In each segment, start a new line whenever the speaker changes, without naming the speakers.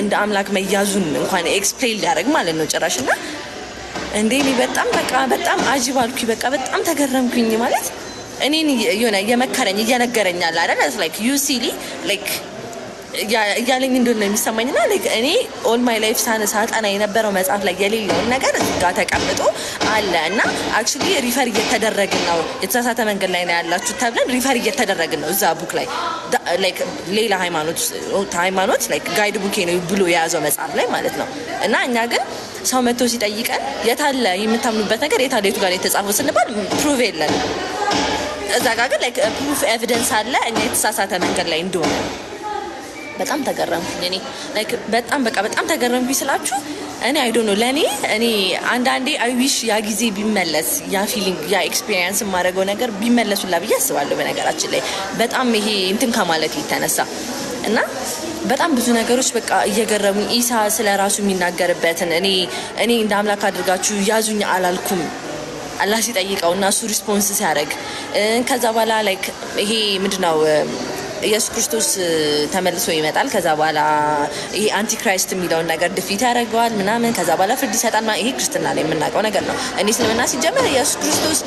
እንደ አምላክ መያዙን እንኳን ኤክስፕሌን ሊያደርግ ማለት ነው ጭራሽ እና እንዴ ሊ በጣም በቃ በጣም አጅብ አልኩኝ። በቃ በጣም ተገረምኩኝ ማለት እኔን የሆነ እየመከረኝ እየነገረኛል አይደል ላይክ ዩሲሊ ላይክ እያለኝ እንደሆነ ነው የሚሰማኝ ና እኔ ኦል ማይ ላይፍ ሳነ ጠና የነበረው መጽሐፍ ላይ የሌለውን ነገር ጋር ተቀምጦ አለ እና አክቹዋሊ ሪፈር እየተደረግን ነው። የተሳሳተ መንገድ ላይ ነው ያላችሁ ተብለን ሪፈር እየተደረግን ነው እዛ ቡክ ላይ ሌላ ሃይማኖት ጋይድ ቡኬ ነው ብሎ የያዘው መጽሐፍ ላይ ማለት ነው እና እኛ ግን ሰው መጥቶ ሲጠይቀን የታለ የምታምኑበት ነገር የታለ የቱ ጋር የተጻፈው ስንባል ፕሩቭ የለን እዛ ጋር ግን ፕሩፍ ኤቪደንስ አለ እኛ የተሳሳተ መንገድ ላይ እንደሆነ በጣም ተገረምኩኝ። እኔ በጣም በቃ በጣም ተገረምኩኝ ስላችሁ እኔ አይዶ ነው ለእኔ እኔ አንዳንዴ አይዊሽ ያ ጊዜ ቢመለስ ያ ፊሊንግ ያ ኤክስፒሪየንስ የማደርገው ነገር ቢመለሱላ ብዬ አስባለሁ። በነገራችን ላይ በጣም ይሄ እንትን ከማለት የተነሳ እና በጣም ብዙ ነገሮች በቃ እየገረሙኝ ኢሳ ስለ ራሱ የሚናገርበትን እኔ እኔ እንደ አምላክ አድርጋችሁ ያዙኝ አላልኩም አላህ ሲጠይቀው እና እሱ ሪስፖንስ ሲያደርግ ከዛ በኋላ ላይክ ይሄ ምንድነው ኢየሱስ ክርስቶስ ተመልሶ ይመጣል። ከዛ በኋላ ይሄ አንቲክራይስት የሚለውን ነገር ድፊት ያደርገዋል ምናምን፣ ከዛ በኋላ ፍርድ ይሰጣል። ይሄ ክርስትና ላይ የምናውቀው ነገር ነው። እኔ እስልምና ሲጀመር ኢየሱስ ክርስቶስ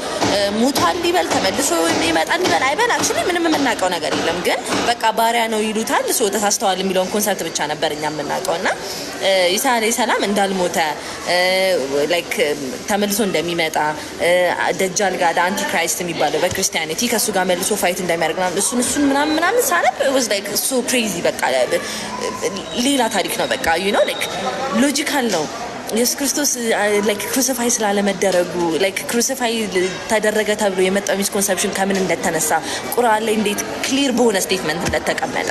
ሙቷል ሊበል ተመልሶ ይመጣል ሊበል አይበል አክቹዋሊ ምንም የምናውቀው ነገር የለም። ግን በቃ ባሪያ ነው ይሉታል። ሶ ተሳስተዋል የሚለውን ኮንሰርት ብቻ ነበር እኛ የምናውቀው እና ኢሳ አለይሂ ሰላም እንዳልሞተ ላይክ ተመልሶ እንደሚመጣ ደጃል ጋር አንቲክራይስት የሚባለው በክርስቲያኒቲ ከእሱ ጋር መልሶ ፋይት እንደሚያደርግ እሱን እሱን ምናምን ምናምን ሳነብ ወዝ ላይክ ሶ ክሬዚ በቃ ሌላ ታሪክ ነው። በቃ ዩ ኖ ላይክ ሎጂካል ነው። ኢየሱስ ክርስቶስ ላይክ ክሩሲፋይ ስላለመደረጉ ላይክ ክሩሲፋይ ተደረገ ተብሎ የመጣው ሚስኮንሰፕሽን ከምን እንደተነሳ ቁርአን ላይ እንዴት ክሊር በሆነ ስቴትመንት እንደተቀመጠ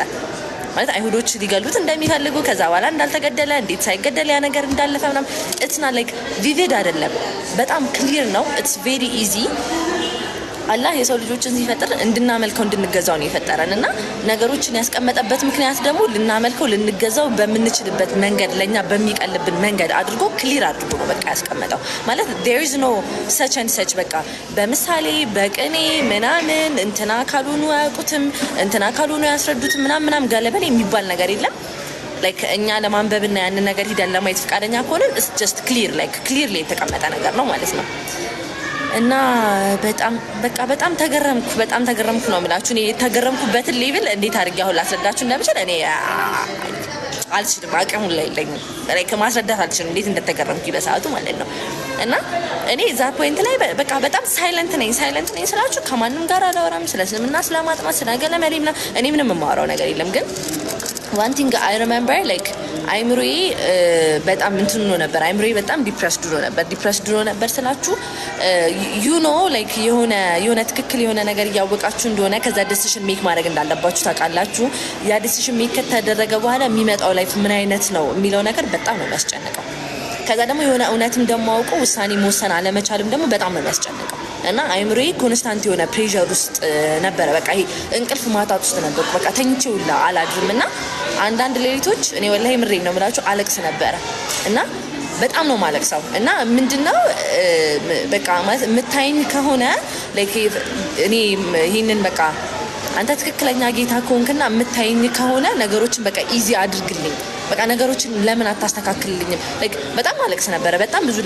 ማለት አይሁዶች ሊገሉት እንደሚፈልጉ ከዛ በኋላ እንዳልተገደለ እንዴት ሳይገደል ያ ነገር እንዳለፈ ምናምን እትና ላይክ ቪቪድ አይደለም። በጣም ክሊር ነው። ኢትስ ቬሪ ኢዚ አላህ የሰው ልጆችን ሲፈጥር እንድናመልከው እንድንገዛው ነው የፈጠረን እና ነገሮችን ያስቀመጠበት ምክንያት ደግሞ ልናመልከው ልንገዛው በምንችልበት መንገድ ለእኛ በሚቀልብን መንገድ አድርጎ ክሊር አድርጎ ነው በቃ ያስቀመጠው። ማለት ዴር ኢዝ ኖ ሰች ኤንድ ሰች በቃ በምሳሌ በቅኔ ምናምን እንትና ካልሆኑ አያውቁትም እንትና ካልሆኑ ያስረዱትም ምናም ምናም ገለበን የሚባል ነገር የለም። ላይክ እኛ ለማንበብና ያንን ነገር ሂደን ለማየት ፈቃደኛ ከሆንን ስ ጀስት ክሊር ላይክ ክሊር ላይ የተቀመጠ ነገር ነው ማለት ነው። እና በጣም በቃ በጣም ተገረምኩ። በጣም ተገረምኩ ነው የምላችሁ። እኔ የተገረምኩበትን ሌብል እንዴት አድርጌ አሁን ላስረዳችሁ እንደምችል እኔ አልችልም፣ አቅሙ ላይ የለኝም። ከማስረዳት አልችልም፣ እንዴት እንደተገረምኩ በሰዓቱ ማለት ነው። እና እኔ እዛ ፖይንት ላይ በቃ በጣም ሳይለንት ነኝ። ሳይለንት ነኝ ስላችሁ ከማንም ጋር አላወራም። ስለ እስልምና ስለማጥናት ስለ ገለመሌ እኔ ምንም የማወራው ነገር የለም። ግን ዋን ቲንግ አይ ሪሜምበር ላይክ አይምሮዬ በጣም እንትን ኖ ነበር። አይምሮዬ በጣም ዲፕሬስድ ሆኖ ነበር። ዲፕሬስድ ሆኖ ነበር ስላችሁ ዩ ኖ ላይክ የሆነ የሆነ ትክክል የሆነ ነገር እያወቃችሁ እንደሆነ ከዛ ዲሲሽን ሜክ ማድረግ እንዳለባችሁ ታውቃላችሁ። ያ ዲሲሽን ሜክ ከተደረገ በኋላ የሚመጣው ላይፍ ምን አይነት ነው የሚለው ነገር በጣም ነው የሚያስጨንቀው። ከዛ ደግሞ የሆነ እውነትም ደግሞ አውቀው ውሳኔ መወሰን አለመቻልም ደግሞ በጣም ነው የሚያስጨንቀው። እና አይምሮዬ ኮንስታንት የሆነ ፕሬር ውስጥ ነበረ። በቃ ይሄ እንቅልፍ ማታት ውስጥ ነበር በቃ ተኝቼ ውላ አላድርም እና አንዳንድ ሌሊቶች እኔ ወላ ምሬ ነው የምላቸው አለቅስ ነበረ እና በጣም ነው ማለቅሰው እና ምንድነው በቃ ማለት የምታይኝ ከሆነ እኔ ይህንን በቃ አንተ ትክክለኛ ጌታ ከሆንክና የምታይኝ ከሆነ ነገሮችን በቃ ኢዚ አድርግልኝ፣ በቃ ነገሮችን ለምን አታስተካክልልኝም? በጣም አለቅስ ነበረ። በጣም ብዙ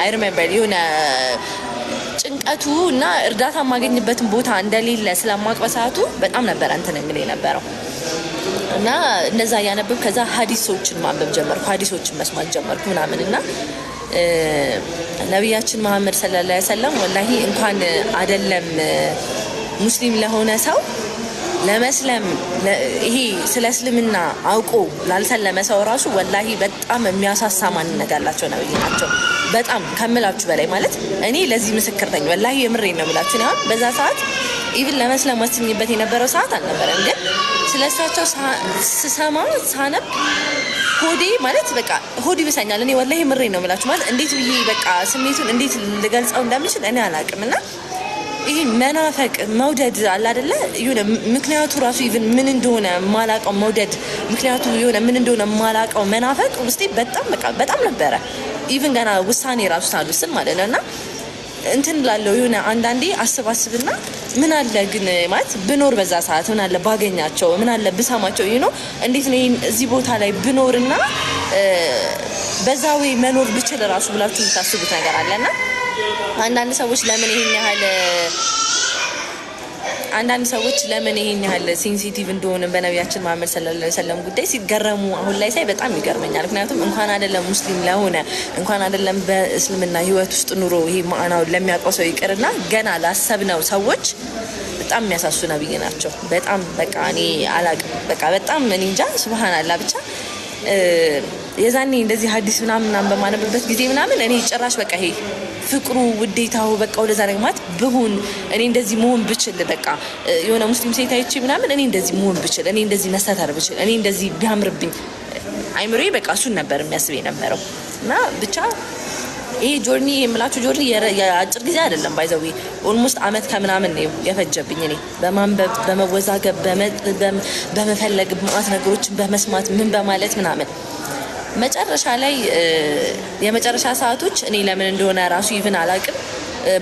አይ ሪሜምበር የሆነ ጭንቀቱ እና እርዳታ የማገኝበትን ቦታ እንደሌለ ስለማቅ በሰዓቱ በጣም ነበር እንትን እንግዲህ የነበረው እና እንደዛ እያነበብ ከዛ ሀዲሶችን ማንበብ ጀመርኩ፣ ሀዲሶችን መስማት ጀመርኩ ምናምን እና ነቢያችን መሐመድ ሰለላሁ ዐለይሂ ወሰለም ወላሂ እንኳን አደለም ሙስሊም ለሆነ ሰው ለመስለም ይሄ ስለ እስልምና አውቆ ላልሰለመ ሰው ራሱ ወላሂ በጣም የሚያሳሳ ማንነት ያላቸው ነብይ ናቸው። በጣም ከምላችሁ በላይ ማለት እኔ ለዚህ ምስክር ነኝ። ወላሂ የምሬ ነው የምላችሁ። ያሁን በዛ ሰዓት ኢቭን ለመስለም ወስኝበት የነበረው ሰዓት አልነበረም። ግን ስለ እሳቸው ስሰማ ሳነብ ሆዴ ማለት በቃ ሆድ ይብሰኛል። እኔ ወላሂ ምሬ ነው የምላችሁ። ማለት እንዴት ብዬ በቃ ስሜቱን እንዴት ልገልጸው እንደምችል እኔ አላውቅም እና ይህ መናፈቅ መውደድ አለ አደለ? የሆነ ምክንያቱ ራሱ ኢቭን ምን እንደሆነ ማላቀው መውደድ ምክንያቱ የሆነ ምን እንደሆነ ማላቀው መናፈቅ ውስጤ በጣም በቃ በጣም ነበረ። ኢቭን ገና ውሳኔ ራሱ ሳልወስን ማለት ነው እና እንትን ላለው የሆነ አንዳንዴ አስባስብና አስብና ምን አለ ግን ማለት ብኖር በዛ ሰዓት ምን አለ ባገኛቸው ምን አለ ብሰማቸው ነው እንዴት ነው እዚህ ቦታ ላይ ብኖርና በዛ ወይ መኖር ብችል ራሱ ብላችሁ የምታስቡት ነገር አለና አንዳንድ ሰዎች ለምን ይሄን ያህል አንዳንድ ሰዎች ለምን ይሄን ያህል ሴንሲቲቭ እንደሆነ በነቢያችን መሐመድ ሰለላሁ ሰለም ጉዳይ ሲገረሙ አሁን ላይ ሳይ በጣም ይገርመኛል። ምክንያቱም እንኳን አይደለም ሙስሊም ለሆነ እንኳን አይደለም በእስልምና ሕይወት ውስጥ ኑሮ ይሄ ማዕናውን ለሚያውቀው ሰው ይቅርና ገና ላሰብነው ሰዎች በጣም የሚያሳሱ ነብይ ናቸው። በጣም በቃ እኔ አላቅም በቃ በጣም እኔ እንጃ ስብሃናላ ብቻ የዛኔ እንደዚህ ሀዲስ ምናምን ምናምን በማነብበት ጊዜ ምናምን እኔ ጭራሽ በቃ ይሄ ፍቅሩ ውዴታው በቃ ወደዛ ነገር ብሆን እኔ እንደዚህ መሆን ብችል በቃ የሆነ ሙስሊም ሴት አይቼ ምናምን እኔ እንደዚህ መሆን ብችል እኔ እንደዚህ መሳተር ብችል እኔ እንደዚህ ቢያምርብኝ አይምሮ በቃ እሱን ነበር የሚያስብ የነበረው እና ብቻ ይሄ ጆርኒ የምላችሁ ጆርኒ የአጭር ጊዜ አይደለም። ባይዘዊ ኦልሞስት አመት ከምናምን የፈጀብኝ እኔ በማንበብ በመወዛገብ በመፈለግ ማት ነገሮችን በመስማት ምን በማለት ምናምን መጨረሻ ላይ የመጨረሻ ሰዓቶች እኔ ለምን እንደሆነ ራሱ ይብን አላውቅም።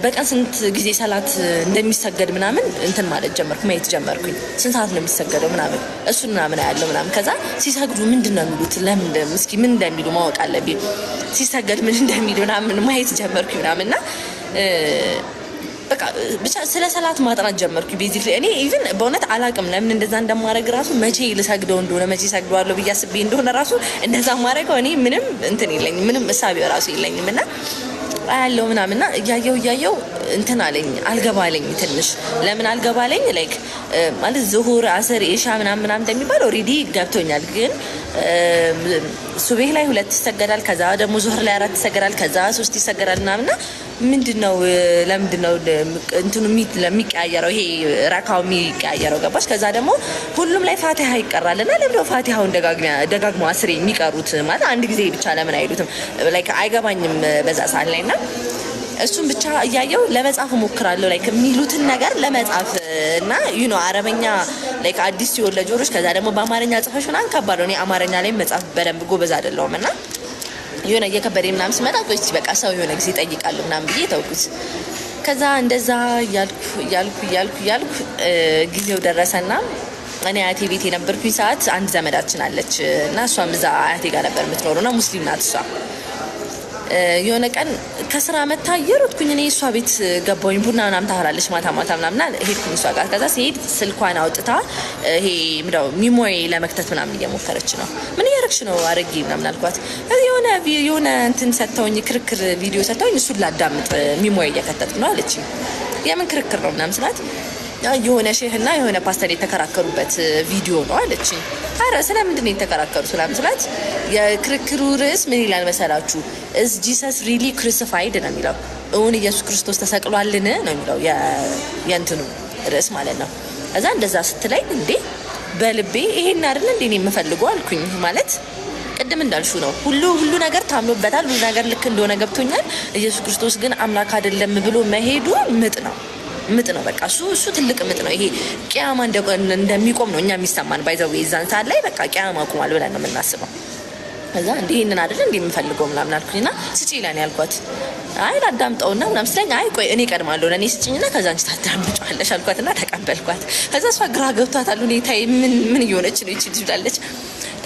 በቀን ስንት ጊዜ ሰላት እንደሚሰገድ ምናምን እንትን ማለት ጀመርኩ፣ ማየት ጀመርኩኝ። ስንት ሰዓት ነው የሚሰገደው ምናምን እሱን ምናምን ያለው ምናምን። ከዛ ሲሰግዱ ምንድን ነው የሚሉት ለምን እስኪ ምን እንደሚሉ ማወቅ አለብኝ፣ ሲሰገድ ምን እንደሚሉ ምናምን ማየት ጀመርኩኝ ምናምን እና ብቻ ስለ ሰላት ማጥናት ጀመርኩ። ቤዚክሊ እኔ ኢቭን በእውነት አላቅም ለምን እንደዛ እንደማድረግ ራሱ መቼ ልሰግደው እንደሆነ መቼ ሰግደዋለሁ ብዬ አስቤ እንደሆነ ራሱ እንደዛ ማድረገው እኔ ምንም እንትን የለኝም ምንም እሳቢው ራሱ የለኝም እና ምናምን ምናምና እያየው እያየው እንትን አለኝ አልገባለኝ ትንሽ ለምን አልገባለኝ ላይክ ማለት ዙሁር አስር ኢሻ ምናም ምናም እንደሚባል ኦልሬዲ ገብቶኛል ግን ሱቤህ ላይ ሁለት ይሰገዳል ከዛ ደግሞ ዙሁር ላይ አራት ይሰገዳል ከዛ ሶስት ይሰገዳል ምናምና ምንድን ነው ለምንድን ነው እንትኑ የሚቀያየረው ይሄ ረካው የሚቀያየረው ገባች ከዛ ደግሞ ሁሉም ላይ ፋቲሃ ይቀራል እና ለምደው ፋቲሃውን ደጋግሞ አስሬ የሚቀሩት ማለት አንድ ጊዜ ብቻ ለምን አይሉትም ላይክ አይገባኝም በዛ ሰዓት ላይ እና እሱን ብቻ እያየው ለመጻፍ ሞክራለሁ ላይክ የሚሉትን ነገር ለመጻፍ እና ዩ ኖ አረበኛ ላይክ አዲስ ሲሆን ለጆሮች ከዛ ደግሞ በአማርኛ ጽፈሽ ምናምን ከባድ ነው። እኔ አማርኛ ላይ መጻፍ በደንብ ጎበዝ አይደለሁም እና የሆነ እየከበደ ምናምን ስመጣ ቆይቼ በቃ ሰው የሆነ ጊዜ ይጠይቃሉ ምናምን ብዬ ተውኩት። ከዛ እንደዛ እያልኩ እያልኩ እያልኩ እያልኩ ጊዜው ደረሰና እኔ አያቴ ቤት የነበርኩኝ ሰዓት አንድ ዘመዳችን አለች እና እሷም እዛ አያቴ ጋር ነበር የምትኖሩ ና ሙስሊም ናት እሷ የሆነ ቀን ከስራ መታ የሮጥኩኝ እኔ እሷ ቤት ገባሁኝ። ቡና ምናምን ታፈላለች ማታ ማታ ምናምና ሄድኩኝ እሷ ጋር። ከዛ ሲሄድ ስልኳን አውጥታ ይሄ ሚሞይ ለመክተት ምናምን እየሞከረች ነው። ምን እያረግሽ ነው አረጌ ምናምን አልኳት። የሆነ የሆነ እንትን ሰጥተውኝ ክርክር ቪዲዮ ሰጥተውኝ እሱን ላዳምጥ ሚሞይ እየከተትኩ ነው አለች። የምን ክርክር ነው ምናምን ስላት የሆነ ሼህ ሼህና የሆነ ፓስተር የተከራከሩበት ቪዲዮ ነው አለች። አረ ስለምንድን ነው የተከራከሩ ስላም ስላት የክርክሩ ርዕስ ምን ይላል መሰላችሁ? ስ ጂሰስ ሪሊ ክሩሲፋይድ ነው የሚለው እውን ኢየሱስ ክርስቶስ ተሰቅሏልን ነው የሚለው የእንትኑ ርዕስ ማለት ነው። እዛ እንደዛ ስትላይ እንዴ በልቤ ይሄን አይደል እንዴ የምፈልገው አልኩኝ። ማለት ቅድም እንዳልሹ ነው ሁሉ ሁሉ ነገር ታምኖበታል፣ ሁሉ ነገር ልክ እንደሆነ ገብቶኛል። ኢየሱስ ክርስቶስ ግን አምላክ አይደለም ብሎ መሄዱ ምጥ ነው ምጥ ነው። በቃ እሱ እሱ ትልቅ ምጥ ነው። ይሄ ቅያማ እንደሚቆም ነው እኛ የሚሰማን ባይዘው የዛን ሰዓት ላይ በቃ ቅያማ አቁሟል ብለን ነው የምናስበው። ከዛ እንዲ ይህንን አይደለ እንዲ የምፈልገው ምናምን አልኩኝ እና ስጪ ይለን ያልኳት አይ ላዳምጠውና ምናምን ስለኝ አይ ቆይ እኔ ቀድማለሁ እኔ ስጭኝና ከዛ አንቺ ታዳምጫዋለሽ አልኳትና ተቀበልኳት። ከዛ እሷ ግራ ገብቷታል። ሁኔታ ምን እየሆነች ነው ይችል ትላለች።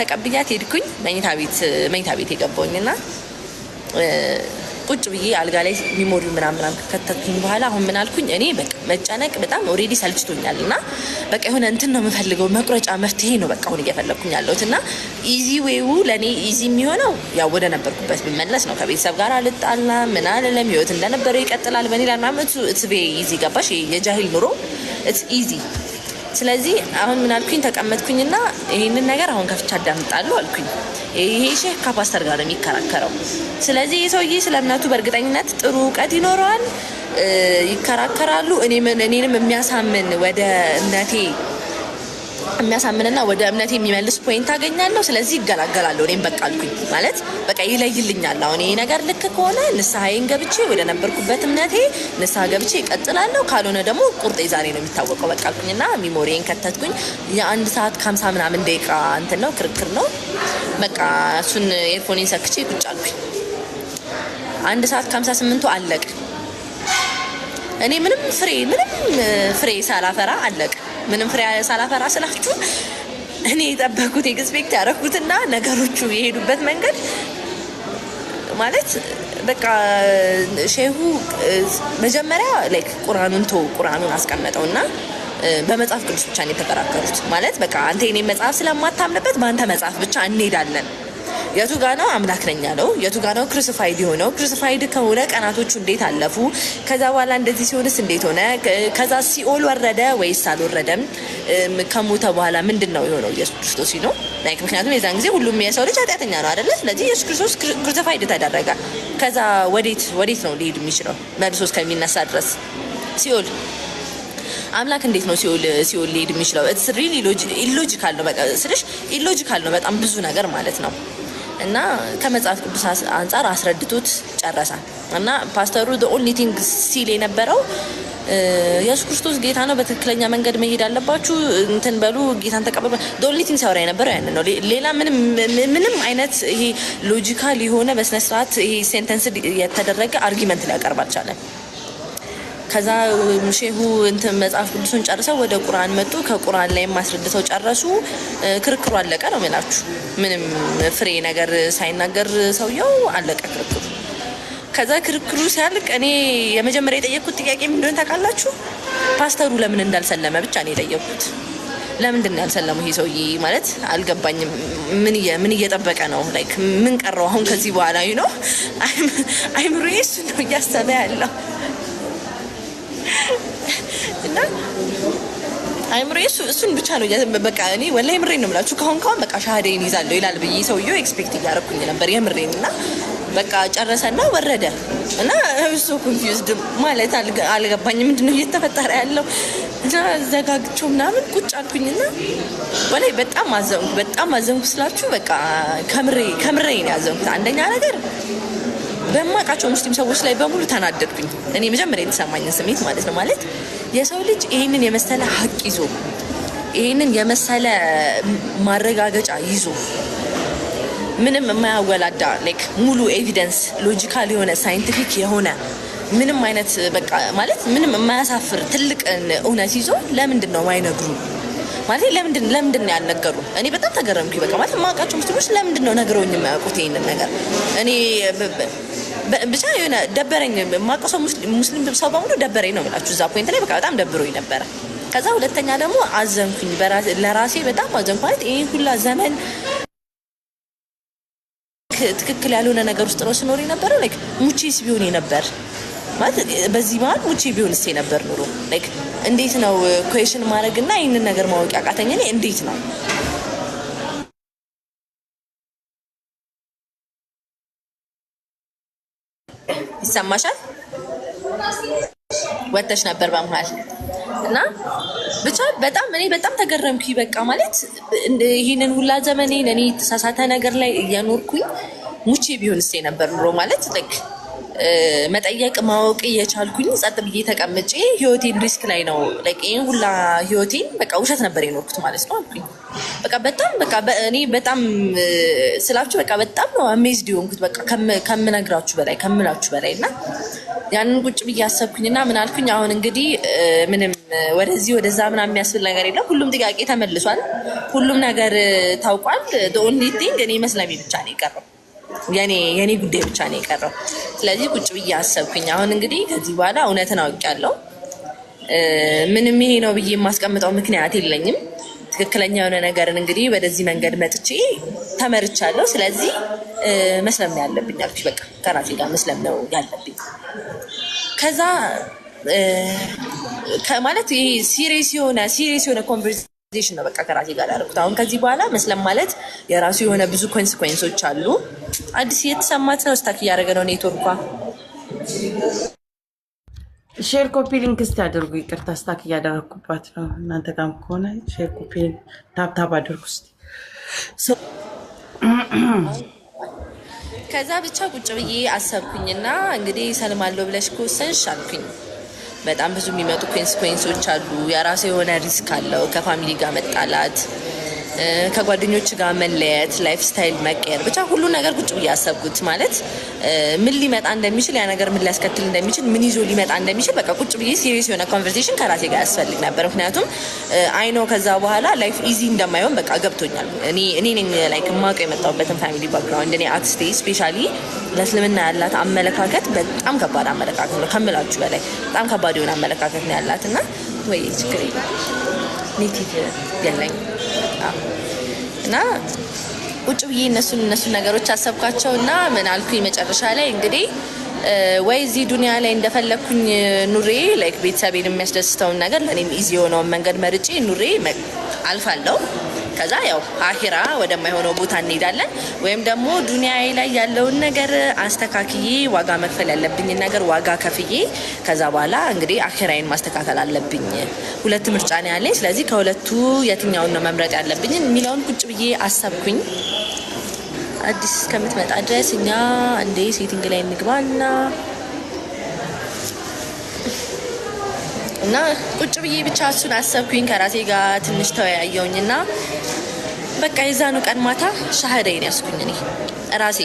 ተቀብያት ሄድኩኝ መኝታ ቤት መኝታ ቤት የገባውኝና ቁጭ ብዬ አልጋ ላይ ሚሞሪ ምናምናም ከተትኩኝ በኋላ አሁን ምን አልኩኝ፣ እኔ በቃ መጨነቅ በጣም ኦልሬዲ ሰልችቶኛል እና በቃ የሆነ እንትን ነው የምፈልገው፣ መቁረጫ መፍትሄ ነው በቃ አሁን እየፈለግኩኝ ያለሁት እና ኢዚ ወይ ለእኔ ኢዚ የሚሆነው ያው ወደ ነበርኩበት ብመለስ ነው። ከቤተሰብ ጋር አልጣላ ምን አለለም ህይወት እንደነበረው ይቀጥላል። በኔ ላል ኢዚ ገባሽ፣ የጃሂል ኑሮ ኢዚ ስለዚህ አሁን ምን አልኩኝ ተቀመጥኩኝና ይህንን ነገር አሁን ከፍቻ አዳምጣለሁ አልኩኝ። ይሄ ሼህ ከፓስተር ጋር ነው የሚከራከረው። ስለዚህ የሰውዬ ስለ እምነቱ በእርግጠኝነት ጥሩ እውቀት ይኖረዋል፣ ይከራከራሉ። እኔንም የሚያሳምን ወደ እምነቴ የሚያሳምንና ወደ እምነት የሚመልስ ፖይንት አገኛለሁ። ስለዚህ ይገላገላለሁ። እኔም በቃ አልኩኝ ማለት በቃ ይለይልኛል። አሁን ይሄ ነገር ልክ ከሆነ ንስሐዬን ገብቼ ወደ ነበርኩበት እምነቴ ንስሐ ገብቼ ይቀጥላለሁ። ካልሆነ ደግሞ ቁርጤ ዛሬ ነው የሚታወቀው በቃ አልኩኝና ሚሞሪን ከተትኩኝ። የአንድ ሰዓት ከሀምሳ ምናምን ደቂቃ እንትን ነው ክርክር ነው። በቃ እሱን ኤርፎኔን ሰክቼ ቁጭ አልኩኝ። አንድ ሰዓት ከሀምሳ ስምንቱ አለቅ እኔ ምንም ፍሬ ምንም ፍሬ ሳላፈራ አለቅ ምንም ፍሬ ሳላፈራ ስላችሁ እኔ የጠበኩት ኤክስፔክት ያደረኩትና ነገሮቹ የሄዱበት መንገድ ማለት በቃ ሼሁ መጀመሪያ ላይክ ቁርአኑን ቶ ቁርአኑን አስቀመጠው እና በመጽሐፍ ቅዱስ ብቻ ነው የተከራከሩት። ማለት በቃ አንተ የኔ መጽሐፍ ስለማታምንበት በአንተ መጽሐፍ ብቻ እንሄዳለን የቱ ጋ ነው አምላክ ነኝ ያለው? የቱ ጋ ነው ክሩሲፋይድ የሆነው? ክሩሲፋይድ ከሆነ ቀናቶቹ እንዴት አለፉ? ከዛ በኋላ እንደዚህ ሲሆንስ እንዴት ሆነ? ከዛ ሲኦል ወረደ ወይስ አልወረደም? ከሞተ በኋላ ምንድን ነው የሆነው ኢየሱስ ክርስቶስ ነው? ላይክ። ምክንያቱም የዛን ጊዜ ሁሉም የሰው ልጅ ኃጢአተኛ ነው አደለ? ስለዚህ ኢየሱስ ክርስቶስ ክሩሲፋይድ ተደረገ። ከዛ ወዴት ወዴት ነው ሊሄድ የሚችለው መልሶ እስከሚነሳ ድረስ ሲኦል አምላክ እንዴት ነው ሲኦል ሲኦል ሊሄድ የሚችለው? ኢትስ ሪሊ ኢሎጂካል ነው። በቃ ስልሽ ኢሎጂካል ነው በጣም ብዙ ነገር ማለት ነው። እና ከመጽሐፍ ቅዱስ አንጻር አስረድቶት ጨረሰ። እና ፓስተሩ ኦንሊ ቲንግ ሲል የነበረው ኢየሱስ ክርስቶስ ጌታ ነው፣ በትክክለኛ መንገድ መሄድ አለባችሁ፣ እንትን በሉ ጌታን ተቀበሉ። ኦንሊ ቲንግ ሲያወራ የነበረው ያንን ነው። ሌላ ምንም አይነት ይሄ ሎጂካል የሆነ በስነስርዓት ይሄ ሴንተንስ የተደረገ አርጊመንት ሊያቀርብ አልቻለም። ከዛ ሼሁ እንትን መጽሐፍ ቅዱሱን ጨርሰው ወደ ቁርአን መጡ። ከቁርአን ላይ ማስረድተው ጨረሱ። ክርክሩ አለቀ ነው ምላችሁ። ምንም ፍሬ ነገር ሳይናገር ሰውየው አለቀ ክርክሩ። ከዛ ክርክሩ ሲያልቅ እኔ የመጀመሪያ የጠየቅኩት ጥያቄ ምንድን ታውቃላችሁ? ፓስተሩ ለምን እንዳልሰለመ ብቻ ነው የጠየቅኩት። ለምንድን ነው ያልሰለሙ? ይሄ ሰውዬ ማለት አልገባኝም። ምን እየጠበቀ ነው? ላይክ ምን ቀረው አሁን ከዚህ በኋላ ነው? አይምሮዬ እሱ ነው እያሰበ ያለው እና አይምሬ እሱን ብቻ ነው በቃ እኔ ወላ የምሬን ነው የምላችሁ። ካሁን ካሁን በቃ ሻህዴን ይዛለሁ ይላል ብዬ ሰውዬው ኤክስፔክት እያደረኩኝ ነበር የምሬን እና በቃ ጨረሰና ወረደ እና እሱ ኮንፊውዝድ ማለት አልገባኝ፣ ምንድነው እየተፈጠረ ያለው እና ዘጋግቸው ምናምን ቁጭ አልኩኝና ወላሂ በጣም አዘንኩ። በጣም አዘንኩ ስላችሁ በቃ ከምሬ ከምሬ ነው ያዘንኩት። አንደኛ ነገር በማውቃቸው ሙስሊም ሰዎች ላይ በሙሉ ተናደድኩኝ። እኔ መጀመሪያ የተሰማኝን ስሜት ማለት ነው። ማለት የሰው ልጅ ይህንን የመሰለ ሀቅ ይዞ ይህንን የመሰለ ማረጋገጫ ይዞ ምንም የማያወላዳ ላይክ ሙሉ ኤቪደንስ ሎጂካል የሆነ ሳይንቲፊክ የሆነ ምንም አይነት በቃ ማለት ምንም የማያሳፍር ትልቅ እውነት ይዞ ለምንድን ነው ማይነግሩ? ማለት ለምንድን ለምንድን ነው ያልነገሩ? እኔ በጣም ተገረምኩ። በቃ ማለት የማውቃቸው ሙስሊሞች ለምንድን ነው ነግረውኝ የማያውቁት ይህንን ነገር እኔ ብቻ የሆነ ደበረኝ። የማውቀው ሙስሊም ሰው በሙሉ ደበረኝ ነው የምላችሁ። እዛ ፖይንት ላይ በቃ በጣም ደብሮኝ ነበረ። ከዛ ሁለተኛ ደግሞ አዘንኩኝ፣ ለራሴ በጣም አዘንኩ። ማለት ይህ ሁላ ዘመን ትክክል ያልሆነ ነገር ውስጥ ነው ስኖር የነበረ። ላይክ ሙቼስ ቢሆን የነበር ማለት በዚህ መሀል ሙቼ ቢሆን እሴ ነበር ኑሮ። ላይክ እንዴት ነው ኩዌሽን ማድረግና ይህንን ነገር ማወቅ ያቃተኝ እኔ እንዴት ነው ይሰማሻል። ወጥተሽ ነበር በመሃል እና ብቻ በጣም እኔ በጣም ተገረምኩኝ። በቃ ማለት ይህንን ሁላ ዘመኔን እኔ የተሳሳተ ነገር ላይ እየኖርኩኝ ሙቼ ቢሆን ስ ነበር ኑሮ ማለት ልክ መጠየቅ ማወቅ እየቻልኩኝ ጸጥ ብዬ ተቀምጬ ህይወቴን ሪስክ ላይ ነው። ይህን ሁላ ህይወቴን በቃ ውሸት ነበር የኖርኩት ማለት ነው አልኩኝ። በቃ በጣም በቃ እኔ በጣም ስላችሁ በቃ በጣም ነው አሜዝድ የሆንኩት በቃ ከምነግራችሁ በላይ ከምላችሁ በላይ እና ያንን ቁጭ ብዬ እና ምን አልኩኝ፣ አሁን እንግዲህ ምንም ወደዚህ ወደዛ ምናምን የሚያስብል ነገር የለም። ሁሉም ጥያቄ ተመልሷል። ሁሉም ነገር ታውቋል። ኦንሊ ቲንግ እኔ መስለሜ ብቻ ነው የቀረው የኔ የኔ ጉዳይ ብቻ ነው የቀረው። ስለዚህ ቁጭ ብዬ አሰብኩኝ። አሁን እንግዲህ ከዚህ በኋላ እውነትን አውቄያለሁ። ምንም ይሄ ነው ብዬ የማስቀምጠው ምክንያት የለኝም። ትክክለኛ የሆነ ነገርን እንግዲህ ወደዚህ መንገድ መጥቼ ተመርቻለሁ። ስለዚህ መስለም ነው ያለብኝ አልኩኝ። በቃ ከራሴ ጋር መስለም ነው ያለብኝ። ከዛ ማለት ይሄ ሲሪየስ የሆነ ሲሪየስ የሆነ ኮንቨርስ ዜሽን ነው በቃ ከራሴ ጋር ያደረኩት። አሁን ከዚህ በኋላ መስለም ማለት የራሱ የሆነ ብዙ ኮንስኮንሶች አሉ። አዲስ እየተሰማት ነው፣ ስታክ እያደረገ ነው ኔትወርኳ።
ሼር ኮፒ ሊንክ እስቲ አድርጉ። ይቅርታ ስታክ እያደረግኩባት ነው። እናንተ ጋም ከሆነ ሼር ኮፒ ታብታብ አድርጉ እስቲ።
ከዛ ብቻ ቁጭ ብዬ አሰብኩኝና እንግዲህ ሰልማለሁ ብለሽ ከወሰንሽ አልኩኝ በጣም ብዙ የሚመጡ ኮንስኮንሶች አሉ። የራሱ የሆነ ሪስክ አለው። ከፋሚሊ ጋር መጣላት ከጓደኞች ጋር መለያየት፣ ላይፍ ስታይል መቀየር፣ ብቻ ሁሉ ነገር ቁጭ ብዬ አሰብኩት። ማለት ምን ሊመጣ እንደሚችል ያ ነገር ምን ሊያስከትል እንደሚችል ምን ይዞ ሊመጣ እንደሚችል በቃ ቁጭ ብዬ ሲሪየስ የሆነ ኮንቨርሴሽን ከራሴ ጋር ያስፈልግ ነበር። ምክንያቱም አይኖ ከዛ በኋላ ላይፍ ኢዚ እንደማይሆን በቃ ገብቶኛል። እኔ እኔ ላይክ ማውቀው የመጣሁበትን ፋሚሊ ባክግራውንድ እኔ አክስቴ ስፔሻሊ ለእስልምና ያላት አመለካከት በጣም ከባድ አመለካከት ነው ከምላችሁ በላይ በጣም ከባድ የሆነ አመለካከት ነው ያላት እና ወይ ችግር ኔቲቭ የለኝም በጣም እና ቁጭ ብዬ እነሱን እነሱን ነገሮች አሰብኳቸው እና ምን አልኩኝ መጨረሻ ላይ እንግዲህ ወይ እዚህ ዱኒያ ላይ እንደፈለግኩኝ ኑሬ ላይክ ቤተሰቤን የሚያስደስተውን ነገር ለእኔም ኢዚ የሆነውን መንገድ መርጬ ኑሬ አልፋለሁ ከዛ ያው አሂራ ወደማይሆነው ቦታ እንሄዳለን፣ ወይም ደግሞ ዱኒያዬ ላይ ያለውን ነገር አስተካክዬ ዋጋ መክፈል ያለብኝን ነገር ዋጋ ከፍዬ ከዛ በኋላ እንግዲህ አኪራዬን ማስተካከል አለብኝ። ሁለት ምርጫ ነው ያለኝ። ስለዚህ ከሁለቱ የትኛውን ነው መምረጥ ያለብኝ የሚለውን ቁጭ ብዬ አሰብኩኝ። አዲስ እስከምትመጣ ድረስ እኛ እንዴ ሴቲንግ ላይ እንግባና እና ቁጭ ብዬ ብቻ እሱን አሰብኩኝ ከራሴ ጋር ትንሽ ተወያየውኝ እና በቃ የዛኑ ቀን ማታ ሻህዳይን ያስኩኝ እኔ ራሴ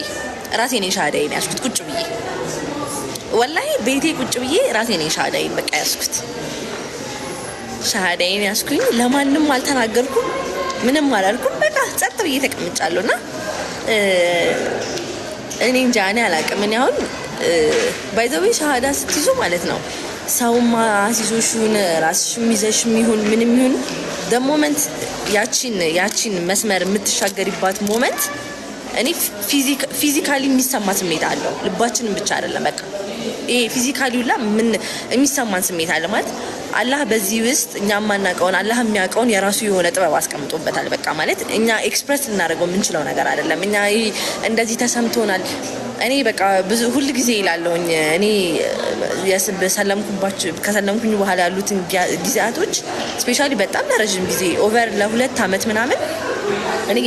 ራሴ ኔ ሻህዳይን ያስኩት ቁጭ ብዬ ወላሂ ቤቴ ቁጭ ብዬ ራሴ ኔ ሻህዳይን በቃ ያስኩት ሻህዳይን ያስኩኝ ለማንም አልተናገርኩም ምንም አላልኩም በቃ ጸጥ ብዬ ተቀምጫለሁ እና እኔ እንጃ እኔ አላቅም እኔ አሁን ባይዘዌ ሻሃዳ ስትይዙ ማለት ነው ሰውም አሲዞሹን ራስሽም ይዘሽም ይሁን ምንም ይሁን ሞመንት ያቺን ያቺን መስመር የምትሻገሪባት ሞመንት እኔ ፊዚካሊ የሚሰማ ስሜት አለው። ልባችንን ብቻ አይደለም በቃ ይሄ ፊዚካሊ ሁላ ምን የሚሰማን ስሜት አለ ማለት አላህ በዚህ ውስጥ እኛ የማናውቀውን አላህ የሚያውቀውን የራሱ የሆነ ጥበብ አስቀምጦበታል። በቃ ማለት እኛ ኤክስፕረስ ልናደርገው የምንችለው ነገር አይደለም። እኛ እንደዚህ ተሰምቶናል። እኔ በቃ ብዙ ሁል ጊዜ ይላለሁኝ እኔ ከሰለምኩኝ በኋላ ያሉትን ጊዜያቶች ስፔሻሊ በጣም ለረዥም ጊዜ ኦቨር ለሁለት አመት ምናምን እኔ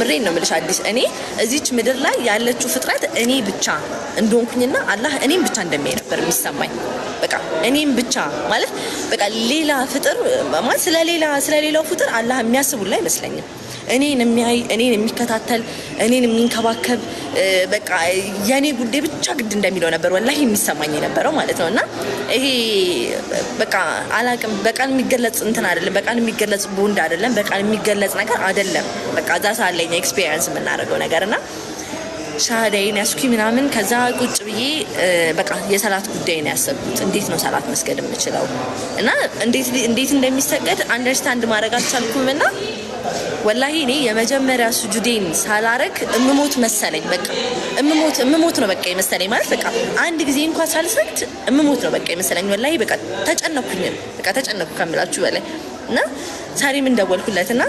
ምሬን ነው የምልሽ። አዲስ እኔ እዚች ምድር ላይ ያለችው ፍጥረት እኔ ብቻ እንደሆንኩኝና አላህ እኔም ብቻ እንደሚያይ ነበር የሚሰማኝ። በቃ እኔም ብቻ ማለት በቃ ሌላ ፍጥር ማለት ስለሌላ ስለሌላው ፍጥር አላህ የሚያስቡላ አይመስለኝም። እኔን የሚያይ እኔን የሚከታተል እኔን የሚንከባከብ በቃ የእኔ ጉዳይ ብቻ ግድ እንደሚለው ነበር ወላሂ የሚሰማኝ የነበረው ማለት ነው። እና ይሄ በቃ አላቅም በቃል የሚገለጽ እንትን አይደለም፣ በቃል የሚገለጽ ቦንድ አይደለም፣ በቃል የሚገለጽ ነገር አይደለም። በቃ እዛ ሳለኝ ኤክስፔሪንስ የምናደርገው ነገር እና ሻደይን ያስኩኝ ምናምን ከዛ ቁጭ ብዬ በቃ የሰላት ጉዳይ ነው ያሰብኩት። እንዴት ነው ሰላት መስገድ የምችለው እና እንዴት እንደሚሰገድ አንደርስታንድ ማድረግ አልቻልኩም እና ወላሂ እኔ የመጀመሪያ ስጁዴን ሳላረግ እምሞት መሰለኝ። በቃ እምሞት እምሞት ነው በቃ የመሰለኝ ማለት በቃ አንድ ጊዜ እንኳን ሳልሰግድ እምሞት ነው በቃ የመሰለኝ። ወላሂ በቃ ተጨነኩኝ፣ በቃ ተጨነኩ ከምላችሁ በላይ እና ሳሪም እንደወልኩለትና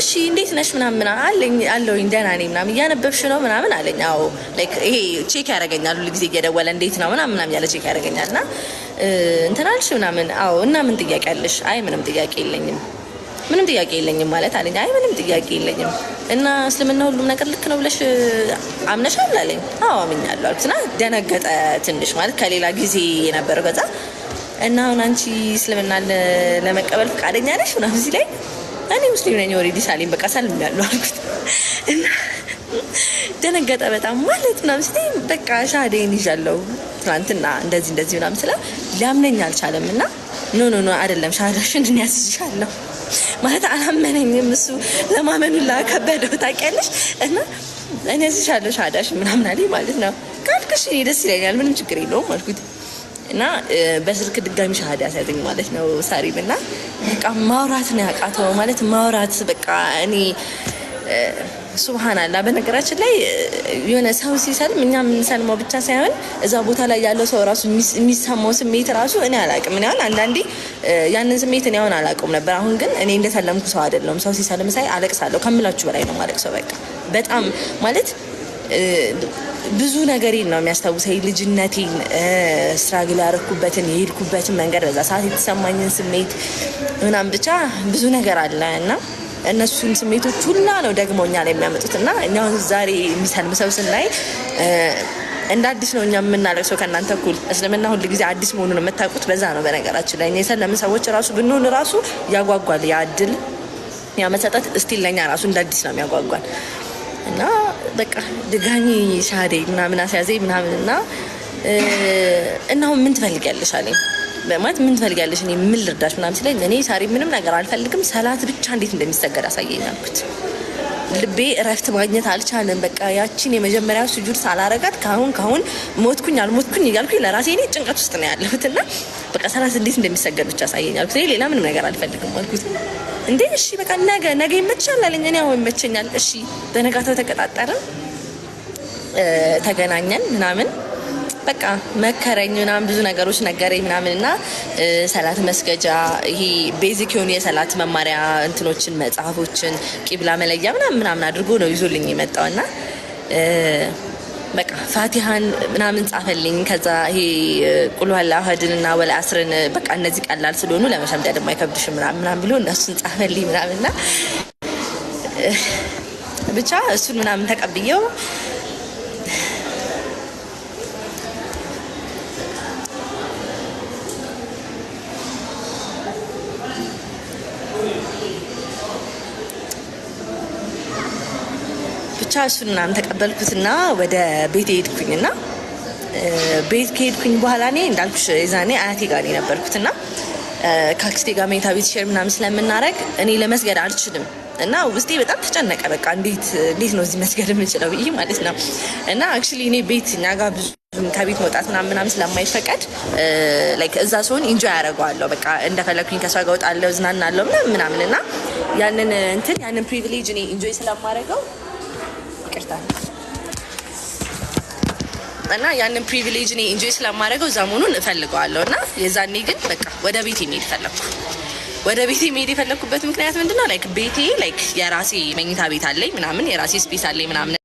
እሺ እንዴት ነሽ ምናምን ምናምን አለኝ አለውኝ ደህና ነኝ ምናምን እያነበብሽ ነው ምናምን አለኝ። አዎ ላይክ ይሄ ቼክ ያደርገኛል ሁሉ ጊዜ እየደወለ እንዴት ነው ምናምን ምናምን ያለ ቼክ ያደርገኛል እና እንትናልሽ ምናምን። አዎ እና ምን ጥያቄ አለሽ? አይ ምንም ጥያቄ የለኝም ምንም ጥያቄ የለኝም ማለት አለኝ። አይ ምንም ጥያቄ የለኝም እና እስልምና ሁሉም ነገር ልክ ነው ብለሽ አምነሻል አለኝ። አዎ አምኛለሁ አልኩትና ደነገጠ ትንሽ ማለት ከሌላ ጊዜ የነበረ በዛ እና አሁን አንቺ እስልምና ለመቀበል ፈቃደኛ ነሽ ምናምን ሲለኝ እኔ ሙስሊም ነኝ ኦልሬዲ ሳሌም በቃ ሳልም ያለው አልኩት እና ደነገጠ በጣም ማለት ምናምን ስትይ በቃ ሻዴን ይዣለሁ ትናንትና እንደዚህ እንደዚህ ምናምን ስለ ሊያምነኝ አልቻለም። እና ኖ ኖ ኖ አይደለም ሻዳሽን እኔ ያስይሻለሁ ማለት አላመነኝም። እሱ ለማመኑ ላከበደው ታውቂያለሽ። እና እኔ ያስይሻለሁ ሻዳሽን ምናምን አለኝ ማለት ነው። ካልክሽ እኔ ደስ ይለኛል፣ ምንም ችግር የለውም አልኩት። እና በስልክ ድጋሚ ሻሃዳ ያሳያዘኝ ማለት ነው። ሳሪም እና በቃ ማውራት ነው ያቃተው ማለት ማውራት በቃ እኔ ሱብሃናላ በነገራችን ላይ የሆነ ሰው ሲሰልም እኛ የምንሰልመው ብቻ ሳይሆን እዛ ቦታ ላይ ያለው ሰው ራሱ የሚሰማው ስሜት ራሱ እኔ አላቅም። እኔ አሁን አንዳንዴ ያንን ስሜት እኔ አሁን አላውቀውም ነበር። አሁን ግን እኔ እንደሰለምኩ ሰው አይደለሁም። ሰው ሲሰልም ሳይ አለቅሳለሁ ከምላችሁ በላይ ነው ማለቅ ሰው በቃ በጣም ማለት ብዙ ነገር ነው የሚያስታውሰኝ። ልጅነቴን ስትራግል ያደረኩበትን የሄድኩበትን መንገድ በዛ ሰዓት የተሰማኝን ስሜት ምናምን ብቻ ብዙ ነገር አለ እና እነሱን ስሜቶች ሁላ ነው ደግሞ እኛ ላይ የሚያመጡት እና እኛውን ዛሬ የሚሰልም ሰው ስናይ እንደ አዲስ ነው እኛ የምናለቅሰው ከእናንተ እኩል። እስልምና ሁል ጊዜ አዲስ መሆኑን የምታውቁት በዛ ነው። በነገራችን ላይ የሰለምን ሰዎች ራሱ ብንሆን ራሱ ያጓጓል። የአድል ያመሰጠት ያ እስቲል ለኛ ራሱ እንደ አዲስ ነው የሚያጓጓል እና በቃ ድጋሚ ሻዴ ምናምን አስያዘኝ ምናምን እና እናሁን ምን ትፈልጊያለሽ አለኝ ማለት ምን ትፈልጋለሽ? እኔ ምን ልርዳሽ? ምናምን ሲለኝ እኔ ሳሪ ምንም ነገር አልፈልግም፣ ሰላት ብቻ እንዴት እንደሚሰገድ አሳየኝ አልኩት። ልቤ እረፍት ማግኘት አልቻለም። በቃ ያቺን የመጀመሪያ ስጁድ ሳላረጋት ካሁን ካሁን ሞትኩኝ አልሞትኩኝ እያልኩኝ ለራሴ እኔ ጭንቀት ውስጥ ነው ያለሁት እና በቃ ሰላት እንዴት እንደሚሰገድ ብቻ አሳየኝ አልኩት። እኔ ሌላ ምንም ነገር አልፈልግም አልኩት። እንዴ እሺ በቃ ነገ ነገ ይመችሻል አለኝ። እኔ አሁን ይመቸኛል። እሺ በነጋታው ተቀጣጠረ ተገናኘን ምናምን በቃ መከረኝ ምናምን ብዙ ነገሮች ነገረኝ ምናምን እና ሰላት መስገጃ ይሄ ቤዚክ የሆኑ የሰላት መማሪያ እንትኖችን መጽሐፎችን፣ ቂብላ መለያ ምናምን ምናምን አድርጎ ነው ይዞልኝ የመጣው እና በቃ ፋቲሃን ምናምን ጻፈልኝ። ከዛ ይሄ ቁልዋላ አህድን እና ወላ አስርን በቃ እነዚህ ቀላል ስለሆኑ ለመሸምደድ የማይከብድሽ ምናምን ምናምን ብሎ እነሱን ጻፈልኝ ምናምን እና ብቻ እሱን ምናምን ተቀብየው ብቻ እሱን ምናምን ተቀበልኩትና ወደ ቤት ሄድኩኝና ቤት ከሄድኩኝ በኋላ እኔ እንዳልኩሽ የዛኔ አያቴ ጋር ነበርኩትና ከአክስቴ ጋር መኝታ ቤት ሼር ምናምን ስለምናረግ እኔ ለመስገድ አልችልም እና ውስጤ በጣም ተጨነቀ። በቃ እንዴት እንዴት ነው እዚህ መስገድ የምችለው ይህ ማለት ነው። እና አክቹዋሊ እኔ ቤት እኛ ጋር ብዙ ከቤት መውጣት ምናምን ምናምን ስለማይፈቀድ ላይክ እዛ ሲሆን ኢንጆይ ያደርገዋለሁ። በቃ እንደፈለግኩኝ ከሷ ጋር እወጣለሁ፣ እዝናናለሁ ምናምን ምናምን እና ያንን እንትን ያንን ፕሪቪሌጅ እኔ ኢንጆይ ስለማደርገው ይቅርታ እና ያንን ፕሪቪሌጅ እኔ ኢንጆይ ስለማደርገው እዛ መሆኑን እፈልገዋለሁ። እና የዛኔ ግን በቃ ወደ ቤቴ መሄድ ፈለግኩ። ወደ ቤቴ መሄድ የፈለግኩበት ምክንያት ምንድነው? ላይክ ቤቴ ላይክ የራሴ መኝታ ቤት አለኝ ምናምን፣ የራሴ ስፔስ አለኝ ምናምን